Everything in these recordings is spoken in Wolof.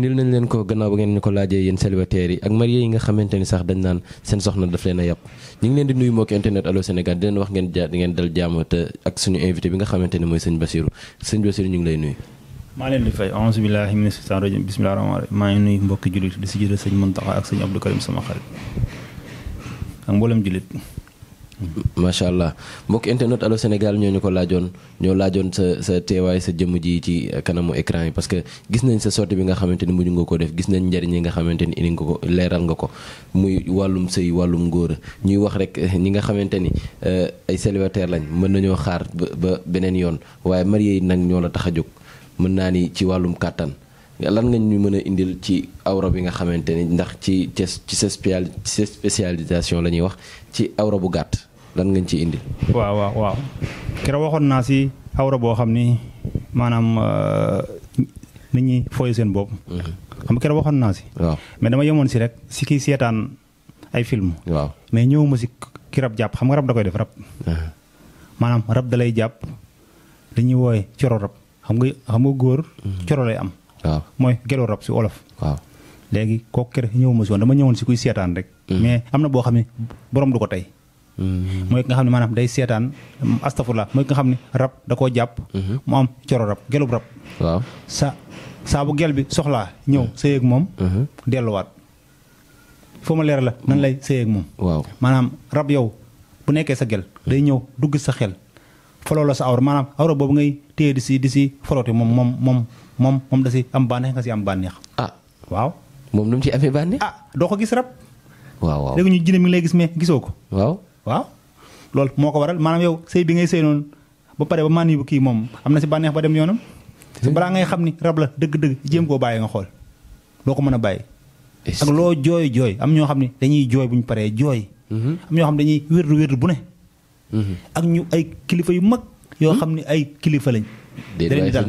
indil nañ leen ko gannaaw ba ngeen ni ko laajee yéen célibataires yi ak mariés yi nga xamante sax dañ naan seen soxna daf leen a yàpp ñu ngi leen di nuyu mbokki internet Allô Sénégal di leen wax ngeen ja ngeen dal jàmm te ak suñu invité bi nga xamante ne mooy sëñ Basiru sëñ Basiru ñu ngi lay nuyu maa leen di fay a'uuzu billaahi mina shaytaani rajiim bismillaahi rahmaani rahiim maa ngi nuyu mbokki jullit di si jële sëñ Muntaxa ak sëñ Abdou Karim sama xarit ak mboolem jullit macha allah mbokk internet Allô Sénégal ñoo ñu ko laajoon ñoo laajoon sa sa teewaay sa jëmm ji ci kanamu écran yi parce que gis nañ sa sortie bi nga xamante ni mujj nga ko def gis nañ njëriñ yi nga xamante ni indi nga ko leeral nga ko muy wàllum sëy wàllum ngóor ñuy wax rek ñi nga xamante ni euh, ay célibataire lañ mën nañoo xaar ba ba beneen yoon waaye marié yi nag ñoo la tax a jóg mën naa ni ci wàllum kàttan lan nga ñu mën a indil ci awra bi nga xamante ni ndax ci ci sa spécialisation la ñuy wax ci awra bu gàtt lan ngeen ci indi. waaw waaw waaw keroog waxoon naa si awra boo xam ni maanaam euh, nit ñi fooy seen bopp. Mhm. xam nga keroog waxoon naa si. waaw mais dama yemoon si rek si kii seetaan ay film. waaw mais ma si ki rab jàpp xam nga rab da def rab. Mhm. maanaam rab jàpp li ñuy wooye xam nga xam nga góor. Mhm. coro lay am. mooy gelo rab si olof. waaw léegi kooku keroog ma si woon dama ñëwoon si kuy seetaan rek. mais am na boo xam ne borom du ko tey. Mm-hmm. mooy ki xam ne maanaam day seetaan astafurla mooy ki nga ne rab da koo jàpp mm-hmm. mu am coro sa saa gel bi soxlaa ñëw mm-hmm. sëyeeg moom delluwaat foo leer la nan lay sëyeeg moom waaw maanaam rab yow bu nekkee sa gel day ñëw dugg sa xel foloo sa awra maanaam ngay téye di si di si foloote moom moom moom moom moom da si am bànneex nga si am bànneex ah. waaw moom nu mu ci amee bànneex ah doo ko gis rab léegi ñu jinne mi lay gis mais gisoo ko waaw loolu moo ko waral maanaam yow sëy bi ngay sëy noonu ba pare ba maan bu kii moom am na si bànneex ba dem yoonam balaa ngay xam ni rab la dëgg-dëgg jéem koo bàyyi nga xool loo ko mën a bàyyi ak loo jooy jooy am ñoo xam ne dañuy jooy bu ñu paree jooy mm-hmm. am xam ne dañuy wérdu wérdu bu ne mm-hmm. ak ñu ay kilifa yu mag yoo xam ne ay kilifa lañ da leen dal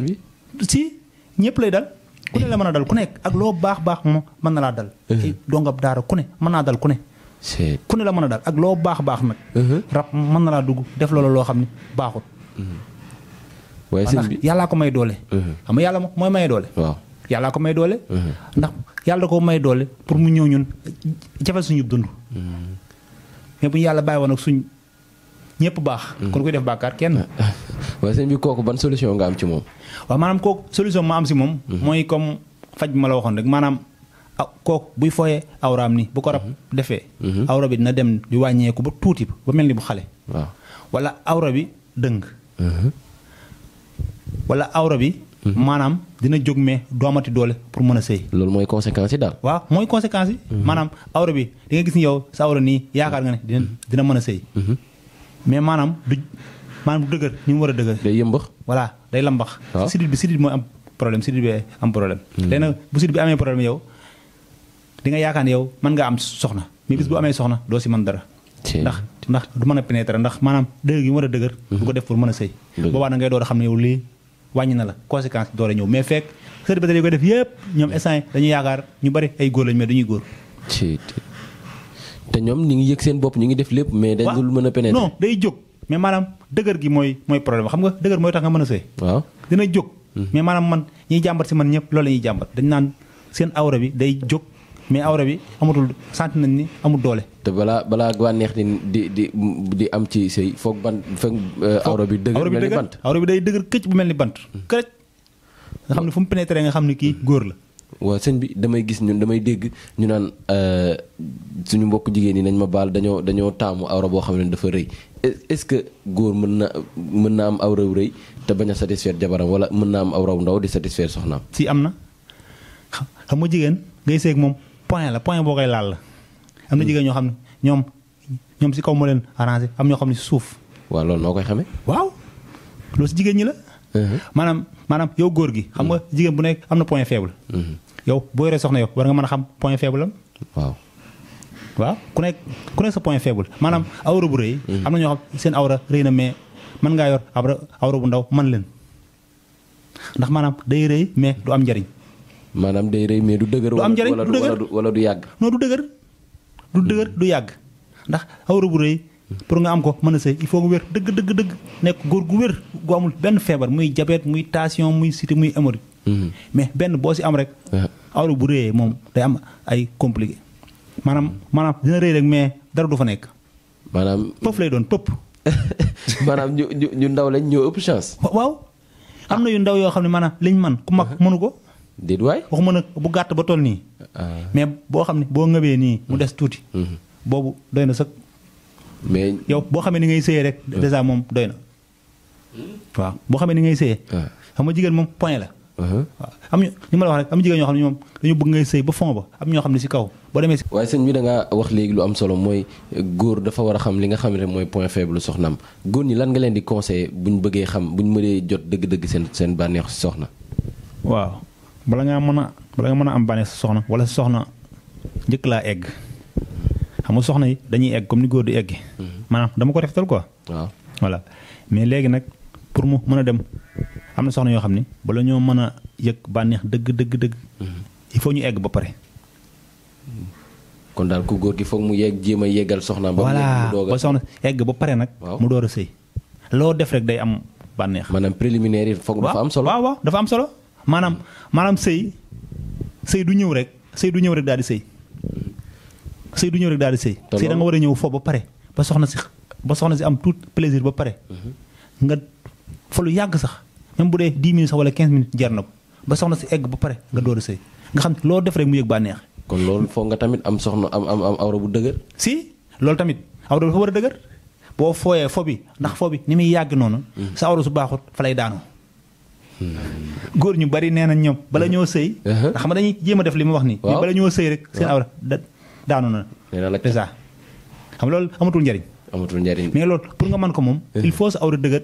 si ñëpp lay dal ku ne la mën a dal ku nekk ak loo baax baax moom mën na laa dal mm-hmm. eh, dongab daara ku ne mën naa dal ku ne ku ne la mën a daal ak loo baax baax nag. Mhm. rab mën na laa dugg def loola loo xam ne baaxut. waaye mhm. sëñ bi ko may doole. Mhm. xam nga yàlla mooy may doole. waaw yàllaa ko may doole. ndax yàlla may doole pour mu ñëw ñun jafe dund. mais bu yàlla bàyyi woon suñ ñëpp baax. kon koy def bàkkaar kenn. waaye sëñ bi kooku ban solution nga am ci moom. waaw maanaam kooku solution ma am si moom. mooy comme faj ma la waxoon rek maanaam. kook buy fooyee awraam ni bu ko rab mhm. defee mhm. awra bi dina dem di wàññeeku ba tuuti ba mel ni bu xale wala awra bi dëng mhm. wala awra bi maanaam dina jóg mais doomati doole pour mën a sëy loolu mooy conséquence yi daal waaw mooy conséquence maanaam awra bi di gis ni yow sa awra nii yaakaar nga ne dina mën a sëy mais maanaam du maanaam dëgër ni mu war a dëgër day yëmbax voilà day lambax sidit bi sidit mooy am problème sidit bi am problème léegi nag bu sidit bi amee di nga yaakaar yow mën nga am soxna mais bis bu amee soxna doo si man dara ndax ndax du mën a pénétrer ndax maanaam dëgër gi dëgër mhm. du ko def pour mën a sëy boobaa da ngay door a xam ne yow lii wàññi na la conséquence door a mais fekk célibataire yi def yëpp ñoom instant dañuy yaakaar ñu bari ay góor lañ mais duñuy te ñoom ñu ngi yëg seen bopp ñu ngi def lépp mais dañu mën a pénétrer non day mais maanaam dëgër gi mooy mooy problème xam nga dëgër mooy tax nga mën a sëy waaw dina jóg mhm. mais maanaam man ñiy jàmbat si man ñëpp loolu la jàmbat dañ naan seen awra bi day jóg mais awra bi amatul sant nañ ni amul doole. te balaa balaa ni di di di am ci sëy foog ban euh, foog awra bi dëgër mel ni bant bi day dëgër këcc bu mel ni bant. Hmm. kërëj nga xam ne fu mu pénétré nga xam ne kii hmm. góor la. waa sëñ bi damay gis ñun damay dégg ñu naan euh, suñu mbokk jigéen ñi nañ ma baal dañoo dañoo taamu awra boo xam ne dafa rëy est-ce que góor mën na mën na am awra wu rëy te bañ a satisfaire jabaram wala mën naa am awra ndaw di satisfaire soxnaam. si am na xam nga jigéen ngay seeg point la point boo koy laal la. am na jigéen ñoo xam ne ñoom ñoom si kaw moo leen arrangé am ñoo xam ne si suuf. waaw loolu noo koy xamee. waaw loolu si jigéen ñi la. Uh-huh. maanaam maanaam yow góor gi. xam nga uh-huh. jigéen bu nekk am na point faible. Uh-huh. yow boo yoree soxna yow war nga mën a xam point faible am. waaw. waaw ku nekk ku nekk sa maanaam awra bu rëy. am na ñoo xam seen awra rëy na mais mën ngaa yor awra awra bu ndaw man leen ndax maanaam day rëy mais du am njariñ maanaam day rey mais du dëgër. du am njëriñ du dëgër wala du yàgg. non du dëgër du yàgg ndax awro bu rëy pour nga am ko mën a sëy il faut nga wér dëgg dëgg dëgg nekk góor gu wér gu amul benn feebar muy jabet muy tension muy cité muy hémorroïde. Mm-hmm. mais benn boo si am rek. awra bu rëyee moom day am ay compliqué maanaam maanaam dina rëy rek mais dara du fa nekk. maanaam pëpp lay doon pëpp. maanaam ñu ñu ndaw lañ ñoo ëpp chance. waaw am na yu ndaw yoo xam ne maanaam liñ man ku mag uh-huh. mënu ko. déet waay waxuma nag bu gàtt ba toll nii. Ah. mais boo xam ne boo ngëbee nii mu des tuuti. Mm-hmm. boobu doy na sax. mais yow boo xamee ni ngay sëyee rek ah. dèjà moom doy na. waaw boo xamee ni ngay sëyee. Ah. xam nga jigéen moom point la. Uh-huh. waaw am ñu ni ma la wax rek am jigéen ñoo xam ne ñoom dañu bëgg ngay sëy ba fond ba am ñoo xam ne si kaw boo demee si. waaye sëñ bi da wax léegi lu am solo mooy góor dafa war a xam li nga xam ne mooy point faible soxnaam góor ñi lan nga leen di conseillé bu ñu bëggee xam bu ñu mënee jot dëgg-dëgg seen seen bànneex soxna. waaw bala ngaa mën a bala nga mën a am bànneex sa soxna wala sa soxna njëkk laa egg xam nga soxna yi dañuy egg comme ni góor di egg. Mhm. maanaam dama ko rafetal quoi. waaw voilà mais léegi nag pour mu mën a dem am na soxna yoo xam ne bala ñoo mën a yëg bànneex dëgg dëgg dëgg. Mhm. il faut ñu egg ba pare. kon daal ku góor gi foog mu yegg jéem a yeggal soxnaam. ba mu doog a ba soxna ba pare nag. mu door a sëy loo def rek day am bànneex. maanaam préliminaire yi foog dafa am solo. maanaam maanaam sëy sëy du ñëw rek sëy du ñëw rek daal di sëy sëy du ñëw rek daal war a ñëw fo ba pare ba soxna si ba soxna si am tout plaisir ba pare. Mhm. nga fa lu yàgg sax même bu dee 10 minutes sax wala 15 minutes jar na ko ba soxna si egg ba pare nga door a sëy nga xam loo def rek mu yëg bànneex. kon loolu foog nga tamit am soxna am am am awra bu dëgër. si loolu tamit awra dafa war a dëgër boo fooyee fo bi ndax fo bi ni muy yàgg noonu. Mhm. sa awra su baaxut fa lay daanoo. góor ñu bari nee na ñoom bala ñoo sëy ndax xam nga dañuy jéem a def li ma wax nii ñu bala ñoo sëy rek seen awra daanu na dèjà xam loolu amatul njariñ amatul njariñ mais loolu pour nga man ko moom il faut sa awra dëgër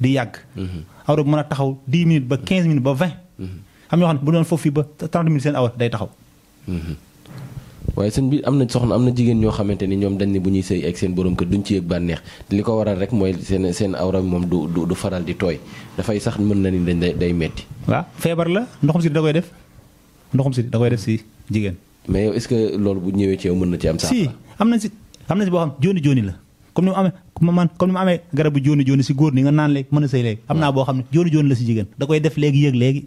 di yàgg awra bu mën a taxaw 10 minutes ba 15 minutes ba 20 xam ñoo xam ne bu doon foofu fii ba 30 minutes seen awra day taxaw waaye seen bi am na soxna am na jigéen ñoo xamante ni ñoom dañ ne bu ñuy sëy ak seen borom kër duñ ci yëg bànneex te li ko waral rek mooy seen seen awra moom du du du faral di tooy dafay sax mën na ni dañ day metti waaw feebar la ndoxum si da koy def ndoxum si da koy def si jigéen. mais yow est que loolu bu ñëwee ci mën na ci am. si am na si am na si boo xam jooni jooni la comme ni mu amee man comme ni mu amee garabu si góor ni nga naan léegi mën na sëy léegi. am naa boo xam ne jooni jooni la si jigéen da koy def léegi yëg léegi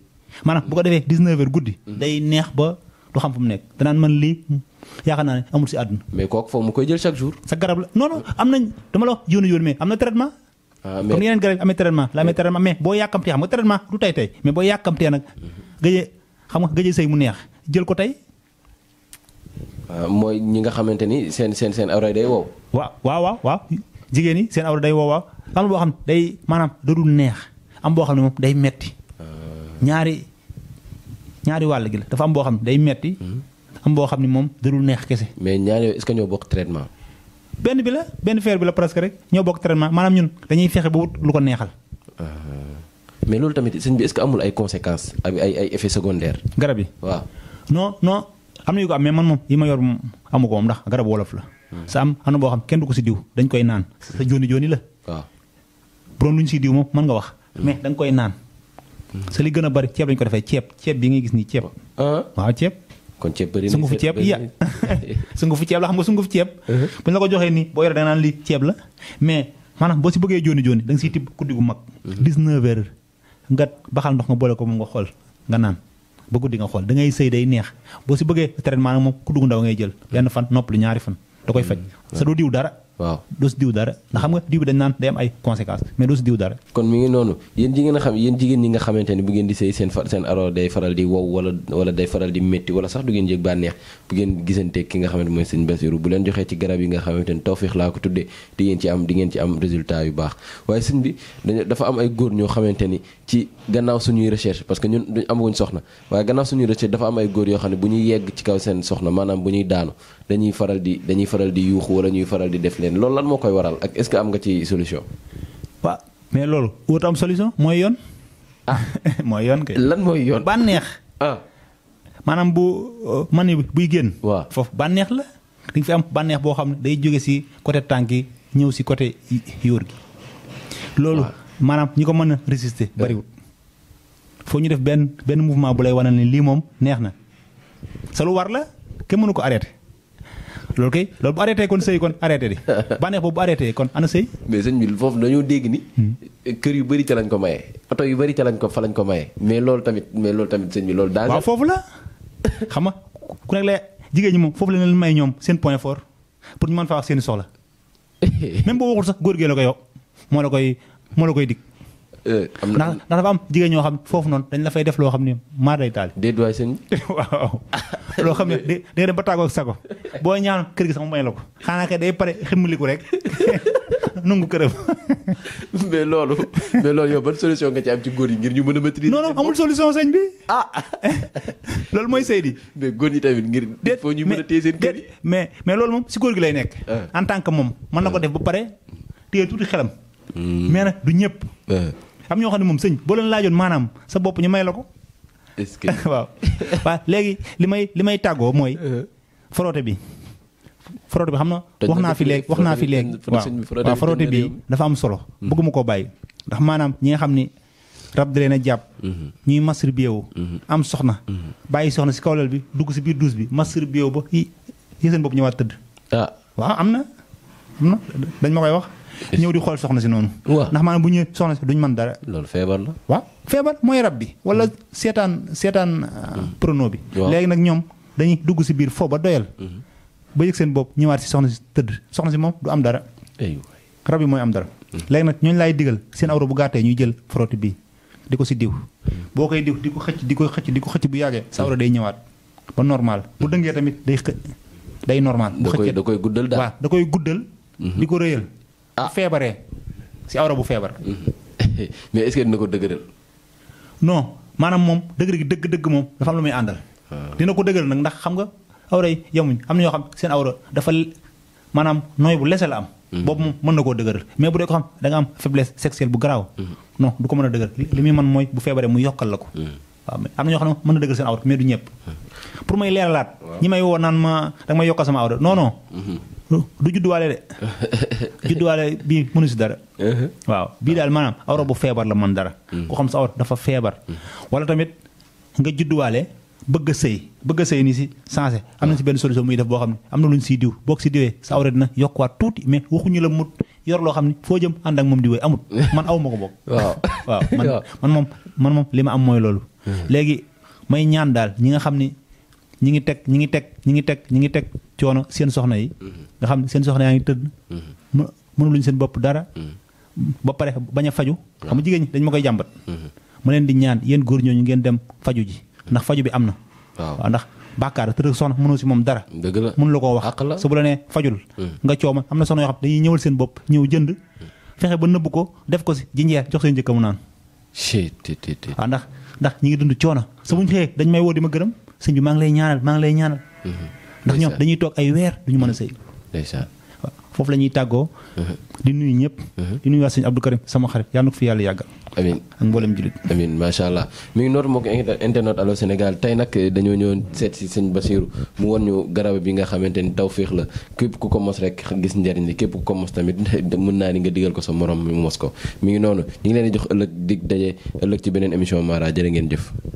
maanaam bu ko defee 19 heures guddi mm-hmm. day neex ba du xam fu mu nekk danaan man lii hmm, yaakaar naa ne amul si àdduna. mais kook foofu mu koy jël chaque jour. sa garab la non am nañ dama la wax jiw na yoon mais am na traitement. Ah, mais comme yeneen garab yi amee traitement la amee traitement mais boo yàkkamtee xam nga ma du tey tey mais boo yàkkamtee nag gëjee xam nga gëjee sëy mu neex jël ko tey. Ah, mooy ñi nga xamante ni seen seen seen awra day wow. waaw waaw waaw waaw seen awra day wow waaw am boo xam day maanaam da neex am boo xam ne day metti ah. ñaari. ñaari wàll gi la dafa am boo xam ne day metti am boo xam ne moom darul neex kese. mais ñaari est-ce que ñoo bokk traitement. benn bi la benn feer bi la presque rek ñoo bokk traitement maanaam ñun dañuy fexe ba wut lu ko neexal. Ah. mais loolu tamit sëñ bi est-ce amul ay conséquences ak ay ay effets secondaires. garab yi waaw no non am na yu ko am mais man moom yi ma yor moom amu ko moom ndax garab wolof la. Hmm. sa am am na boo xam kenn du ko si diw dañ koy naan sa jooni jooni la. waaw borom lu ñu si mën nga wax. Hmm. mais da koy naan. sa li gën a bari ceeb lañ ko defee ceeb ceeb bi ngay gis nii ceeb. Ah. waaw ceeb. kon ceeb bëri na sungufu ceeb ya sungufu ceeb la xam nga sungufu ceeb. Uh-huh. bu ñu la ko joxee nii boo yoree da nga naan lii ceeb la mais maanaam boo si bëggee jooni jooni da nga siy tibb guddi gu mag. 19 uh-huh. heures nga baxal ndox boole ko moom nga xool nga naan. ba guddi nga xool da ngay sëy day neex boo si bëggee traitement nag moom ku dugg ndaw ngay jël lenn fan nopp lu ñaari fan da koy faj mm-hmm. sa du diw dara waaw doo si diw dara ndax xam nga diw bi dañ naan day am ay conséquences mais doo si diw dara kon mi ngi noonu yéen jigéen a xam yéen jigéen ñi nga xamante ne bu ngeen di sëy seen fa seen aro day faral di wow wala wala day faral di métti wala sax du ngeen yëg bànneex bu ngeen gisante ki nga xamante mooy sëñ Basiru bu leen joxee ci garab yi nga xamante ne tawfiix laa ko tuddee di ngeen ci am di ngeen ci am résultat yu baax waaye sëñ bi dafa am ay ni ci gannaaw suñuy recherche parce que ñun duñ amaguñ soxna waaye gannaaw suñuy recherche dafa am ay góor yoo xam ne bu ñuy yegg ci kaw seen soxna maanaam bu ñuy daanu dañuy faral di dañuy faral di yuuxu wala ñuy faral di def leen loolu lan moo koy waral ak est-ce am nga ci solution. waa mais loolu wut am solution mooy yoon. ah mooy yoon kay. lan mooy yoon bànneex. Ah. maanaam bu uh, man ni buy génn. waaw foofu bànneex la dañ fi am bànneex boo xam ne day jóge si côté tànk yi ñëw si côté yóor maanaam ñi ko mën a résister bariwul foo ñu def benn benn mouvement bu lay wane ne lii moom neex na sa lu war la kenn mënu ko arrêté loolu kay loolu bu arrêté kon sëy kon arrêté di bànneex boobu bu arrêté kon ana sëy mais sëñ bi foofu dañoo dégg ni. Hmm. kër yu bëri ca lañ ko maye oto yu bëri ca lañ ko fa lañ ko maye mais loolu tamit mais loolu tamit sëñ bi loolu. daal waaw foofu la xam nga ku nekk la jigéen ñi moom foofu la leen may ñoom seen point fort pour mën faa wax seen i même boo sax góor gee ko yow moo la koy dig. Eh, am na ndax dafa am jigéen ñoo xam foofu noonu dañ la fay def loo xam ne maa day taal. déet waay sëñ loo xam ne da nga ba tàggoo ak boo ñaan kër gi sax mu may la ko xanaa kay day pare rek nungu këram. loolu mais loolu yow ban solution yi ngir ñu mën a maîtriser. non non amul solution sëñ bi. ah loolu mooy Seydi. mais góor ñi ngir. déet foo ñu mën a yi mais mais loolu moom si góor gi lay nekk. Ah. en tant que moom mën na ko ah. def ba pare téye tuuti xelam. Mm. mais nag du ñëpp. am ñoo xam ne moom sëñ boo leen laajoon maanaam sa bopp ñu may la ko. est waaw léegi li may li may tàggoo mooy. Euh. frotté bi frotté bi xam na wax naa fi léegi wax naa fi léegi waaw waaw frotté bi dafa am solo. Mm. bëgguma koo bàyyi ndax maanaam ñi nga xam ni rab da leen jàpp. Mm-hmm. ñuy masturbé wu. Mm-hmm. am soxna. Mm-hmm. bàyyi soxna si kawlal bi dugg si biir douche bi masturbé wu ba yi seen bopp ñëwaat tëdd. Ah. waa am na am na dañ ma koy wax. ñëw di xool soxna si noonu. waaw ndax maanaam bu ñu soxna si duñ mën dara. loolu feebar la. waa feebar mooy rab bi wala mm. seetaan seetaan mm. Ah, prono bi. léegi nag ñoom dañuy dugg si biir foo ba doyal. Mm-hmm. ba yëg seen bopp ñëwaat si soxna si tëdd soxna si moom du am dara. rab bi mooy am dara. Mm-hmm. léegi nag ñooñu laay digal seen awra bu gàttee ñuy jël frotte bii di ko si diw. Mm-hmm. boo koy diw di ko xëcc di ko xëcc di ko xëcc bu yàggee sa awra day ñëwaat ba normal bu dëngee tamit day xë day normal. bu xëccee da koy guddal daal da koy guddal. di ko rëyal ah feebaree si awra bu feebar. mais est-ce que dina ko dëgëral. non maanaam moom dëgër gi dëgg-dëgg moom dafa am lu muy àndal. Ah. dina ko dëgëral nag ndax xam nga awra yi yemuñ am na ñoo xam seen awra dafa maanaam nooy bu lese am. Mm-hmm. boobu moom mën na koo dëgëral mais bu dee ko xam da am faiblesse sexuelle bu garaaw. Mm-hmm. non du ko mën a dëgëral li muy mën mooy bu feebaree mu yokkal ko. Mm-hmm. am na ñoo xam ne mën na dëggal seen awra mais du ñëpp. pour may leeralaat. ñi may woo naan ma danga may yokkal sama awra non non. du judduwaale de judduwaale bii mënu si dara. Uh-huh. waaw bii daal maanaam awra bu feebar la man dara. Mm-hmm. ku xam sa awra dafa feebar. Mm-hmm. wala tamit nga judduwaale bëgg sëy bëgg a sëy nii si sensé am na si benn solution muy def boo xam ne am na lu ñu siy diw boo ko si diwee sa awra dina yokkuwaat tuuti mais ñu la mut yor loo xam ni foo jëm ànd ak moom di amut man aw ma ko bokk. waaw waaw man man moom man moom li ma am mooy loolu. Mm-hmm. léegi may ñaan daal ñi nga xam ni ñi ngi teg ñi ngi teg ñi ngi teg ñi ngi teg coono seen soxna yi. nga xam ne seen soxna yaa ngi tëdd. Mm-hmm. mu mënuluñ seen bopp dara. Mm-hmm. ba pare bañ a faju. xam nga jigéen ñi dañ ma koy jàmbat. Mm-hmm. ma leen di ñaan yéen góor ñoo ñu ngeen dem faju ji ndax faju bi am na. waaw ndax bàkkaar tëdd soxna mënoo si moom dara. dëgg la mënu la koo wax su bu la nee fajul. Mm. nga ma am na soxna yoo xam dañuy ñëwal seen bopp ñëw jënd. Mm. fexe ba nëbb ko def ko si jinjeer jox seen njëkk mu naan. waaw ndax ndax ñi ngi dund coono sa ma gërëm sëñ bi maa ngi lay ñaanal maa ngi lay ñaanal. Mhm. ndax ñoom dañuy toog ay weer duñu mën a sëy. ndeysaan foofu la ñuy tàggoo. Mhm. di nuyu ñëpp. Mhm. di nuyu waa sëñ Abdou Karim sama xarit yàlla na ko fi yàlla yàggal. amiin ak mboolem jullit. mi ngi noor moo ko internet Allô Sénégal tey nag eh, dañoo ñëwoon seet si sëñ Basiru mu woon ñu garab bi nga xamante ni tawféex la képp ku ko mos rek gis njariñ li képp ku ko mos tamit mën naa ni nga digal ko sa moroom mu mos ko mi ngi noonu ñu ngi leen di jox ëllëg dig daje ëllëg ci beneen émission Mara jërë ngeen jëf